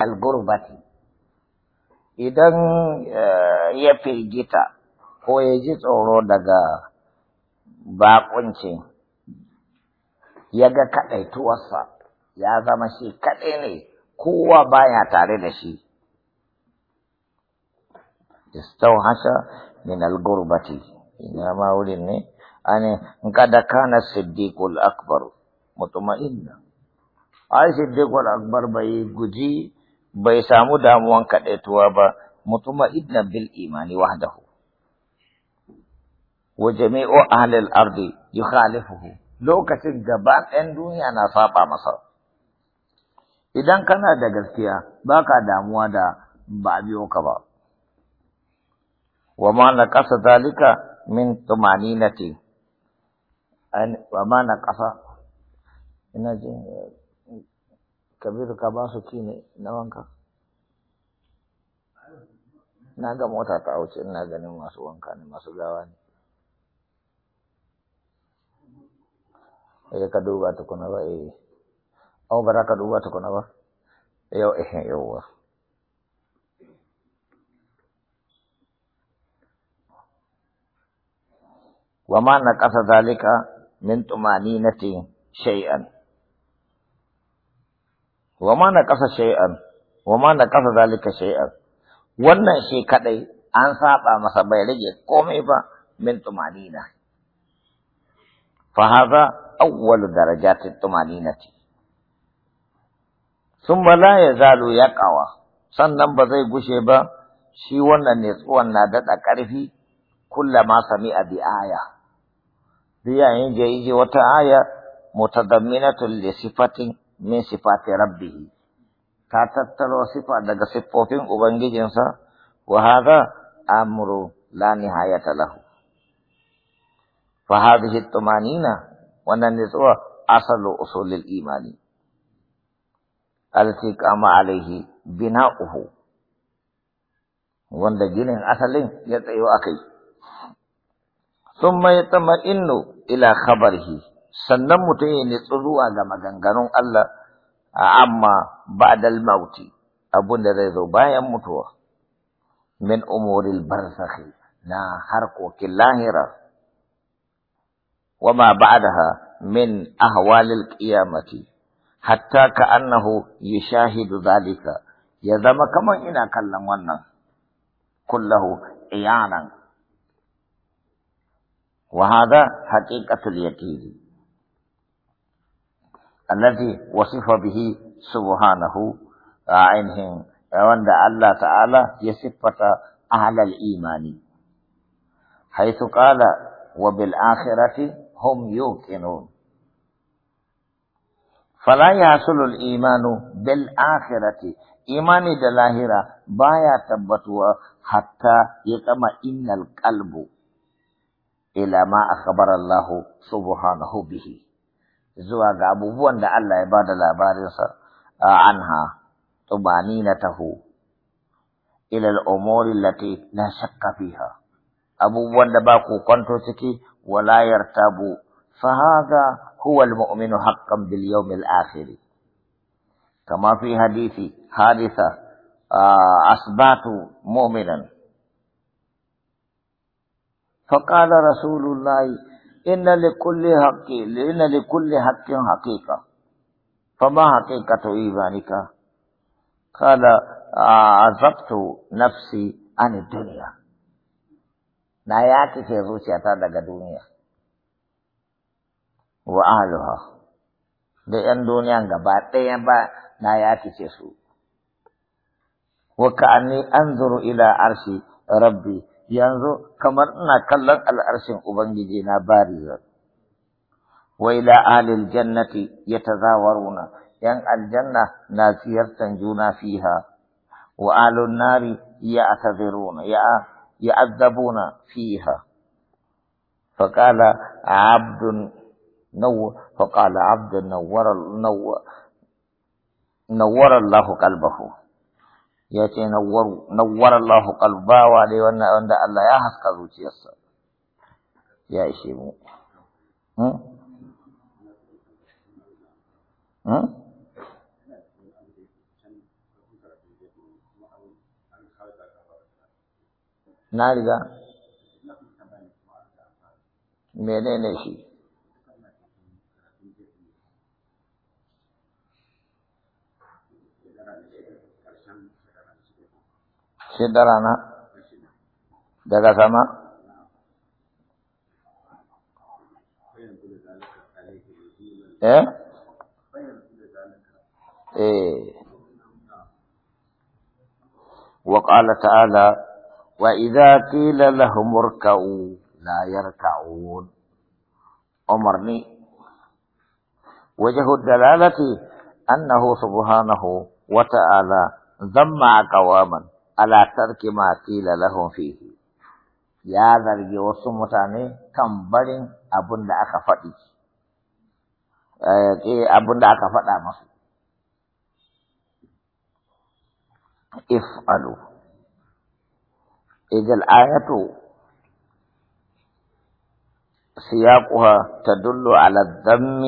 algurbati idan eh, ya firgita ko ya ji tsoro daga bakuncin ya ga kaɗaituwarsa ya zama shi kaɗai ne kowa baya tare da shi istauhasha min algurbati ina ma wurin ne ani kada kana siddiqul akbar mutma'inna ai siddiqul akbar bai guji bai samu damuwan kadaituwa ba mutuma idna bil imani wahdahu wa jami'u ahli al-ardi yukhalifuhu lokacin gaba ɗayan duniya na saba masa idan kana da gaskiya baka damuwa da ba biyo ka ba wa ma naqasa zalika min tumaninati an wa ma naqasa ina jin kabiru ka ba su ci ne na wanka na ga mota ta wuce ina ganin masu wanka ne masu gawa ne eh ka duba kuna ba eh au ba za ka duba kuna ba yau eh yauwa وما نقص ذلك من طمأنينة shay'an wa ma na ƙasa shay'an wa ma na ƙasa zalika shay'an wannan shi kadai an saɓa masa bai rage komai ba min tumanina fa hadha awwalu darajatit tumaninati thumma la yazalu yaqawa sannan ba zai gushe ba shi wannan ne tsuwan na daɗa ƙarfi kullama sami'a bi aya duk yayin da wata aya mutadamminatun li sifatin min sifati rabbih ta tattaro sifa daga siffofin ubangijinsa wa hadha amru la nihayata lahu fa hadhihi tumanina wannan ne tsuwa asalu usulil imani alati kama alaihi bina'uhu wanda ginin asalin ya tsayo akai ثم يطمئن ila kabarhi. sannan mutum ya nitsu zuwa ga maganganun Allah amma ba'dal mauti abun da zai zo bayan mutuwa min umuril barzakhi na harkokin lahira wa ma ba'daha min ahwalil qiyamati hatta ka'annahu yashahidu dhalika ya zama kaman ina kallon wannan kullahu iyanan wa hada haqiqatul yaqini الذي وصف به سبحانه عينهم وأن الله تعالى يصفة أهل الإيمان حيث قال وبالآخرة هم يوقنون فلا يحصل الإيمان بالآخرة إيمان دلاهرة بايا تبتوا حتى إن القلب إلى ما أخبر الله سبحانه به zuwa ga abubuwan da Allah ya bada labarinsa anha tumaninatahu ila al-umuri allati la shakka fiha abubuwan da ba ku kwanto ciki wala yartabu fa hadha huwa al-mu'minu haqqan bil yawm al-akhir kama fi hadithi haditha asbatu mu'minan فقال رسول الله inna li kulli haqqi inna li kulli haqqin haqiqa fama haqiqatu imanika qala azabtu nafsi an dunya na ya kace zuciyata daga duniya wa ahluha da yan duniya gaba ɗaya ba na ya kace su wa ka'anni anzuru ila arshi rabbi yanzu kamar ina kallon al'arshin Ubangiji na bariya. Wa ila alil jannati yatazawaruna yan aljanna na ziyartan juna fiha wa alun nari ya'taziruna ya ya'azzabuna fiha. فقال عبد نو فقال عبد نور نور الله قلبه ya ce nawwar Allah kalbawa dai wannan wanda Allah ya haska zuciyarsa ya ishe mu hmm? Hmm? na riga menene shi ce da rana daga sama وقال تعالى وإذا قيل لهم اركعوا لا يركعون أمرني وجه الدلالة أنه سبحانه وتعالى ذم قواما على ترك ما قيل لهم فيه يا ذرگي وصم متاني كم برين أبن دعاك فتي أه، أبن دعاك فتا افعلوا إذا الآية سياقها تدل على الذم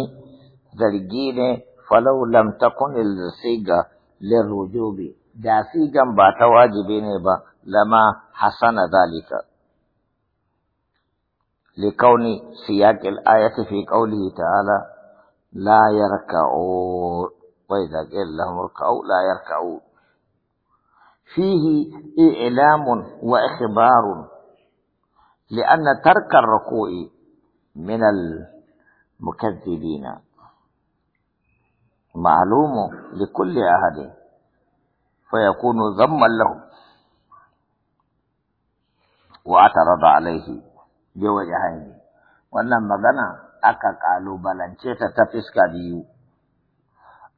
ذرگين فلو لم تكن الزيقة للوجوب داسی گم باتا واجبی نیبا لما حسن ذالک لکون سیاک الآیت فی قوله تعالی لا یرکعو وَإِذَا قِلْ لَهُمْ رُكَعُوا لَا يَرْكَعُوا فيه إعلام وإخبار لأن ترك الركوع من المكذبين معلوم لكل أحد فيكون ذما له واعترض عليه بوجهين wannan magana aka kalubalance ta ta fiska biyu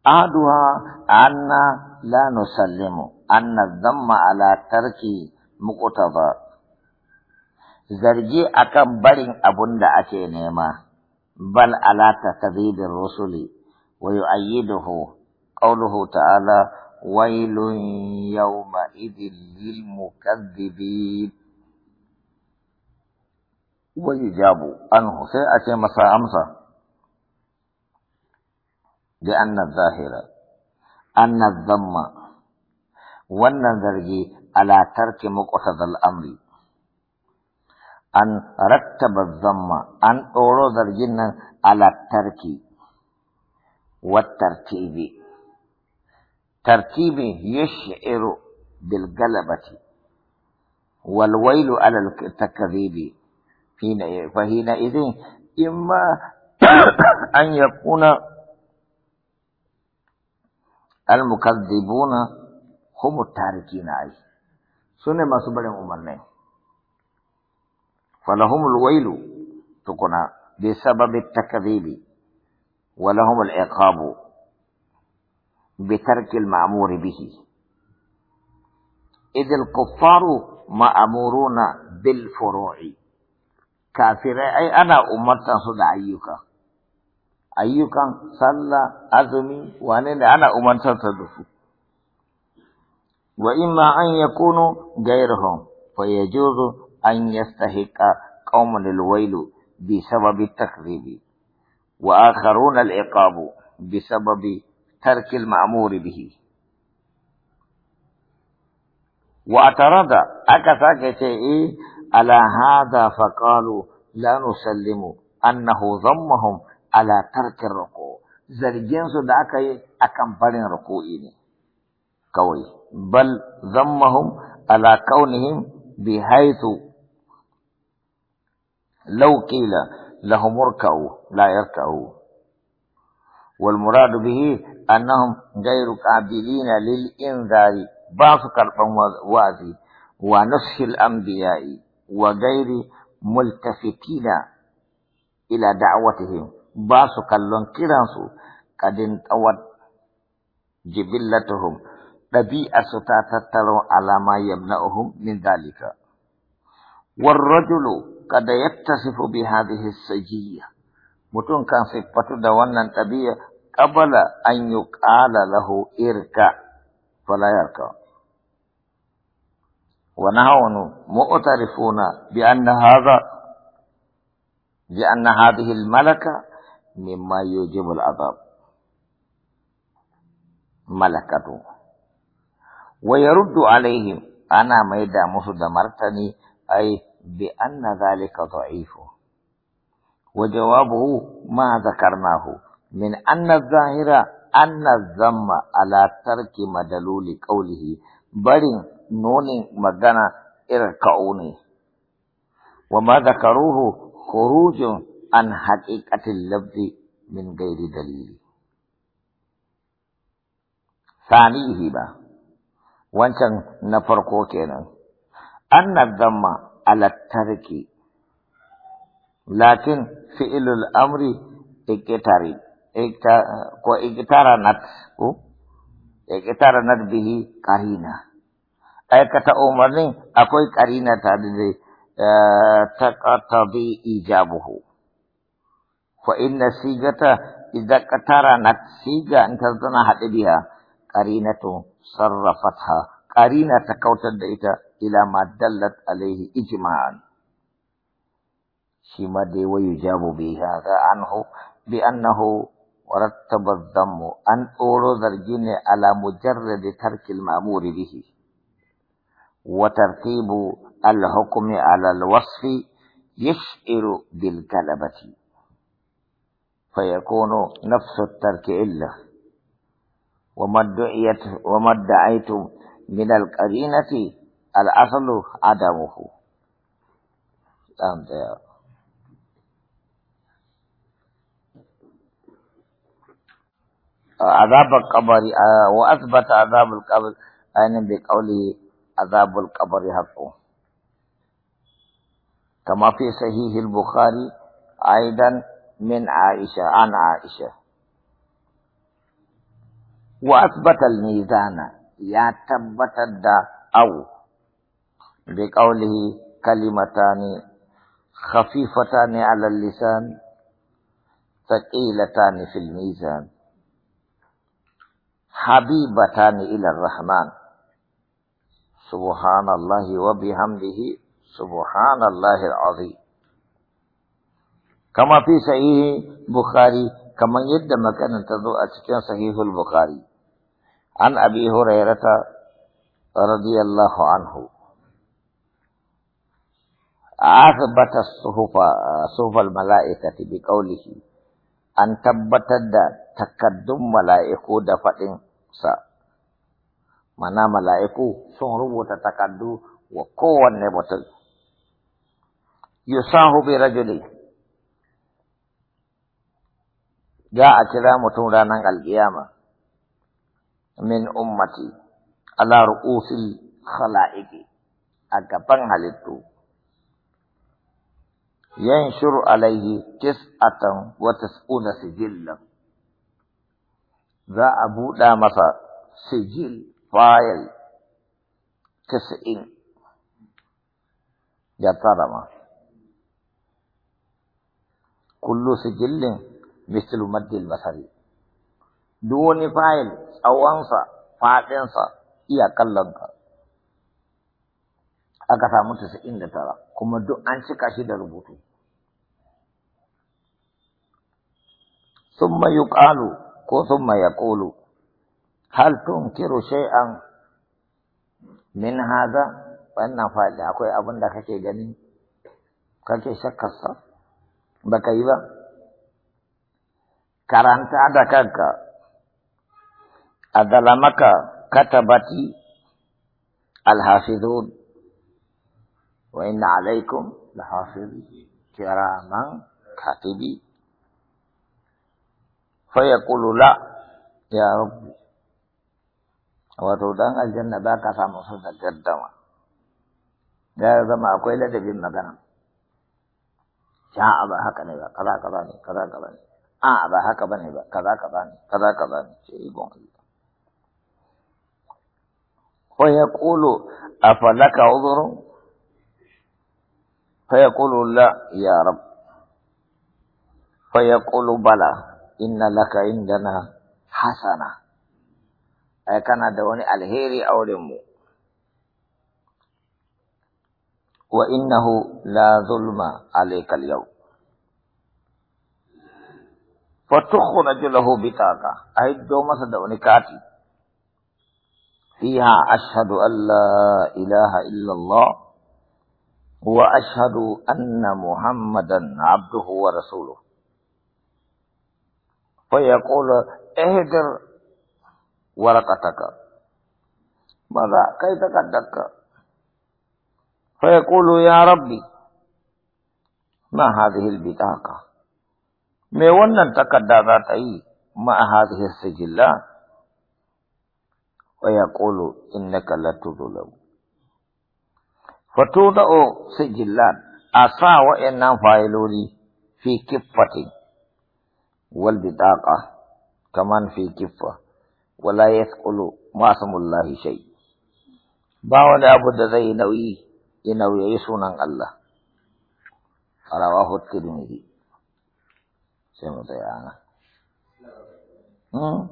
aduha anna la nusallimu anna dhamma ala tarki muqtada zargi akan barin abun da ake nema bal ala takdhibir rusuli wa yu'ayyiduhu qawluhu ta'ala ويل يومئذ للمكذبين ويجاب عنه سيأتي مساء أمسى لأن الظاهرة أن الذم والنظر على ترك مقصد الأمر أن رتب الذم أن أورو ذرجنا على الترك والترتيب ترتيبه يشعر بالقلبة والويل على التكذيب فحينئذ إما أن يكون المكذبون هم التاركين عليه سنة ما سبلهم أمرنا فلهم الويل تكون بسبب التكذيب ولهم العقاب بترك المأمور به إذ الكفار مأمورون بالفروع كافر أي أنا أمرت صد أيك أيك صلى أزمي وأنا أنا أمرت صدفه وإما أن يكونوا غيرهم فيجوز أن يستحق قوم الويل بسبب التكذيب وآخرون العقاب بسبب ترك المأمور به واعترض أكثر شيء على هذا فقالوا لا نسلم أنه ضمهم على ترك الركوع زرجين صدعك أكم فرن ركوعين قوي بل ضمهم على كونهم بحيث لو قيل لهم اركعوا لا يركعوا والمراد به أنهم غير قابلين للإنذار باس كربان وازي ونصح الأنبياء وغير ملتفتين إلى دعوتهم باس كلون كرانسو قد انتوت جبلتهم طبيعة تتترو على ما يمنعهم من ذلك والرجل قد يتصف بهذه السجية متون كان صفته دوانا طبيعة قبل أن يقال له إركع فلا يركع ونحن مؤترفون بأن هذا بأن هذه الملكة مما يوجب العذاب ملكته ويرد عليهم أنا إذا مسد مرتني أي بأن ذلك ضعيف وجوابه ما ذكرناه min anna zahira anna zamma ala tarki madaluli qawlihi barin nonin magana irka'u ne wa ma zakaruhu khurujun an haqiqatil lafzi min gairi dalili sanihi ba wancan na farko kenan anna zamma ala tarki lakin fi'ilul amri iqtari اقترنت اقترنت به قرينة aikata umarnin akwai ƙarina ta da ta ƙatabi ijabuhu fa inna sigata idza qataranat siga in ta zana haɗe biya qarinatu sarrafatha qarina ta kautar da ita ila ma dallat alaihi ijma'an shi ma dai wayu jabu biha anhu bi annahu ورتب الذم أن أورو ذرجين على مجرد ترك المأمور به وترتيب الحكم على الوصف يشعر بالكلبة فيكون نفس الترك إلا وما ادعيت وما ادعيت من القرينة الأصل عدمه. عذاب القبر آه، وأثبت عذاب القبر أين بقوله عذاب القبر حقه كما في صحيح البخاري أيضا من عائشة عن عائشة وأثبت الميزان يا تبت الدا أو بقوله كلمتان خفيفتان على اللسان ثقيلتان في الميزان حبيبتان إلى الرحمن سبحان الله وبحمده سبحان الله العظيم كما في صحيح بخاري كما يد مكان تدو أتكين صحيح البخاري عن أبي هريرة رضي الله عنه أثبت الصحف الملائكة بقوله أن تبت الدار takaddun mala'iku da faɗin sa. Mana mala'iku sun rubuta takaddu wa kowanne mutum. Yusahu bi rajuli. Za a kira mutum ranar alƙiyama min ummati ala ru'usil khala'iqi a gaban halittu. Yanshuru alaihi tis'atan wa tis'una sijillan. za a buɗa masa sigil fayil casa'in ya tara ma. Kullu sigilin, mislu maddil Masari. Duk wani fayil tsawonsa, faɗinsa, iya kallonka. Aka samu tasa'in da tara, kuma duk an cika shi da rubutu. Sun mayu ƙalu. ثم يقول هل تنكر شيئا من هذا وأن فاجا أكوي أبن دكا كي جنين كي شك الصف بكيبا كرانت عدكا أدلمك كتبتي الحافظون وإن عليكم لحافظ كراما كاتبين فيقول لا يا ربي وتودان الجنة باك سامسون الجدما قال ذم أقول لك في مكان جاء أبو هكذا نبى كذا كذا كذا كذا آ أبو آه، هكذا نبى كذا كذا كذا كذا شيء قوي فيقول أفلك عذر فيقول لا يا رب فيقول بلى إن لك عندنا حسنة أي كان دوني الهيري أو لمو وإنه لا ظلم عليك اليوم فتخو نجله بطاقة أي دوما سدوني كاتي فيها أشهد أن لا إله إلا الله وأشهد أن محمدا عبده ورسوله فيقول اهدر ورقتك ماذا كيف قدك فيقول يا ربي ما هذه البطاقة ما ونن تكدرات أي ما هذه السجلات ويقول إنك تظلم فتوضع سجلات أسا وإن فايلولي في كفتي والبطاقة كمان في كفة ولا يثقل معصم الله شيء باون أبو دزي نوي ينوي يسونا الله رواه الترمذي سمعت يا أنا مم.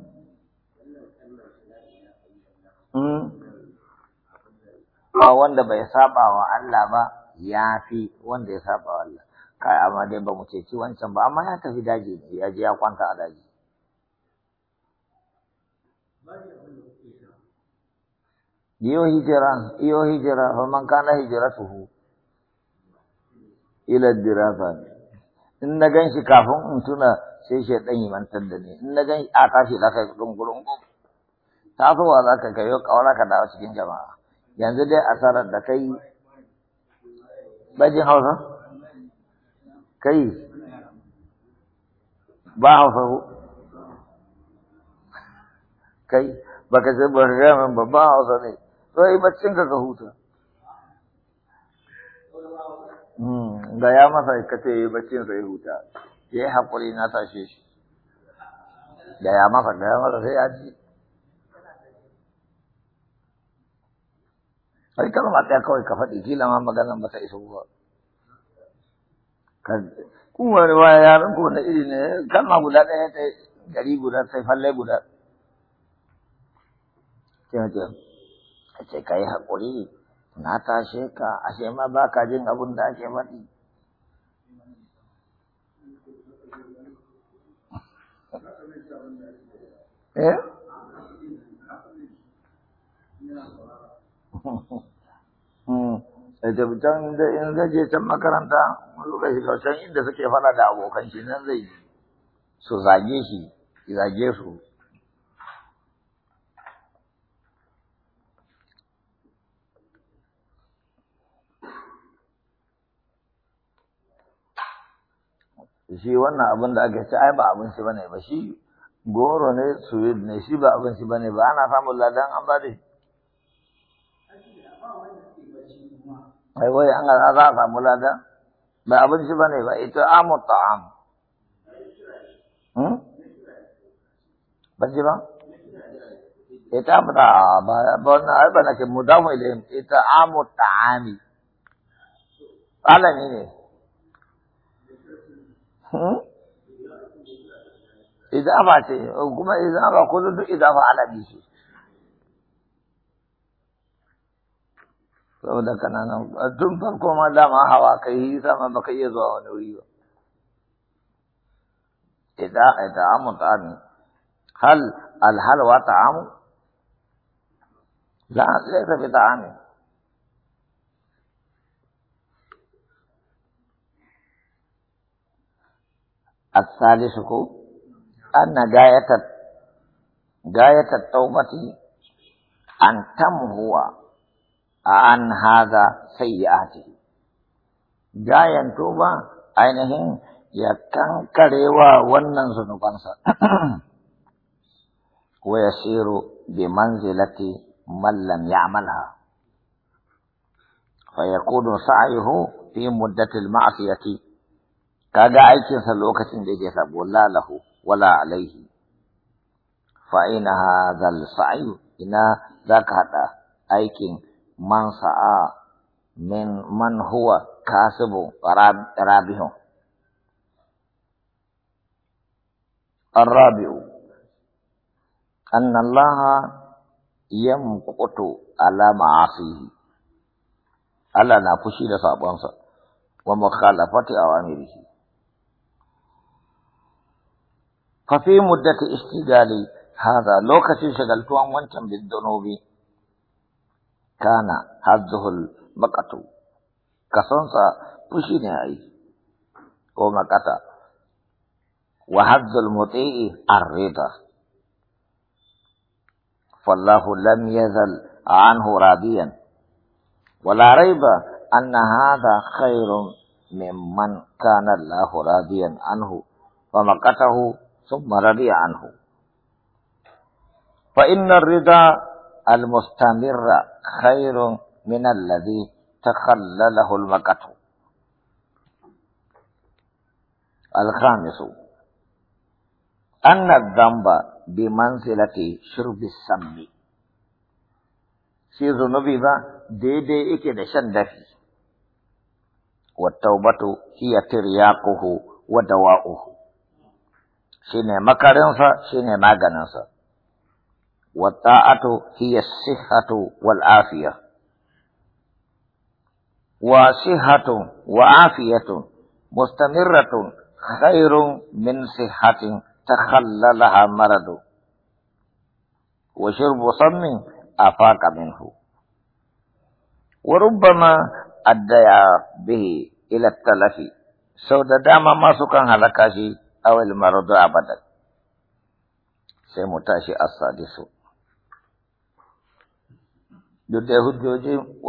مم. wanda bai saba wa Allah ba ya fi wanda ya saba wa Allah kai amma dai ba mu ce ci wancan ba amma ya tafi daji ne ya je ya kwanta a daji iyo hijira iyo hijira fa man kana hijratuhu ila dirafa in na ganshi kafin in tuna sai dan yi mantar da ni in na ganshi a tashi da kai so wa za ka yo kawara ka dawo cikin jama'a yanzu dai asarar da kai bajin hausa kai ba hausa ko kai ka ce ba ga ba ba hausa ne so yi baccin ka ka huta da hmm, ya masa ka ce yi baccin sai huta ya yi haƙuri na tashe shi da ya masa da ya masa sai ya ji ai kalma ɗaya kawai ka faɗi kila ma maganan ba ta isa ba kuwa ya yaran ko na iri ne kalma guda ɗaya ta gari guda sai falle guda kyauta a ce ka yi haƙuri na tashe ka ce ma ba ka jin abin da ake faɗi eh can da in zaje can makaranta lokaci can inda suke fara da abokan shi nan zai su zage shi zage su shi wannan abin da aka ce ai ba abin shi bane ba shi goro ne suwid ne shi ba abin shi bane ba ana samun ladan an ba da shi wai wai an ga za a samu lada ba abinci ba ne ba ita amu ta'am hmm? ba ji ba ita amu ta'am ba na ai ba na ke mudamu ilayhim ita amu ta'ami alami ne ba hmm? ce kuma ba ko duk idafa alami shi saboda kananan tun farko ma dama hawa kai yi sama ba ka iya zuwa wani wuri ba ita ita amu ta'ami hal alhalwa ta'amu la laysa bi ta'ami الثالث هو أن غاية غاية التوبة أن تمهو عن هذا سيئاته جاين توبا اينهن يا كان كريوا ونن سنو بانسا ويسير بمنزلة من لم يعملها فيكون سعيه في مدة المعصية كذا عيك سلوكة لجي سبو لا له ولا عليه فإن هذا السعي إن ذاك هذا عيكين man sa'a min man huwa kasibu rabihu arrabi'u anna Allah yamqutu ala ma'asihi Allah na fushi da sabonsa wa mukhalafati awamirihi fa fi muddati istigali haza lokacin shagaltuwan wancan bidunubi كان هذه المكة كسنسا بشنائي كما قال وهذا المطيع الرضا فالله لم يزل عنه راضيا ولا ريب أن هذا خير ممن كان الله راضيا عنه ومكته ثم رضي عنه فإن الرضا المستمر خير من الذي تخلله المقت الخامس أن الذنب بمنزلة شرب السم في ذنوبي دي دي إكي دشن دفي والتوبة هي ترياقه ودواؤه شيني مكارنسا شيني ماغنسا والطاعة هي الصحة والعافية وصحة وعافية مستمرة خير من صحة تخللها مرض وشرب صم أفاق منه وربما أدى به إلى التلف سودا داما ما سكان هلكاشي أو المرض أبدا سيموتاشي السادس duk dai hujjoji